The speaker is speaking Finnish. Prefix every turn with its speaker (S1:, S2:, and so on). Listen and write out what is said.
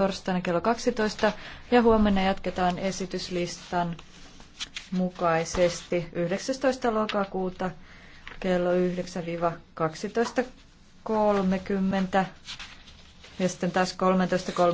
S1: torstaina kello 12 ja huomenna jatketaan esityslistan mukaisesti 19. lokakuuta kello 9-12.30 ja sitten taas 13.30.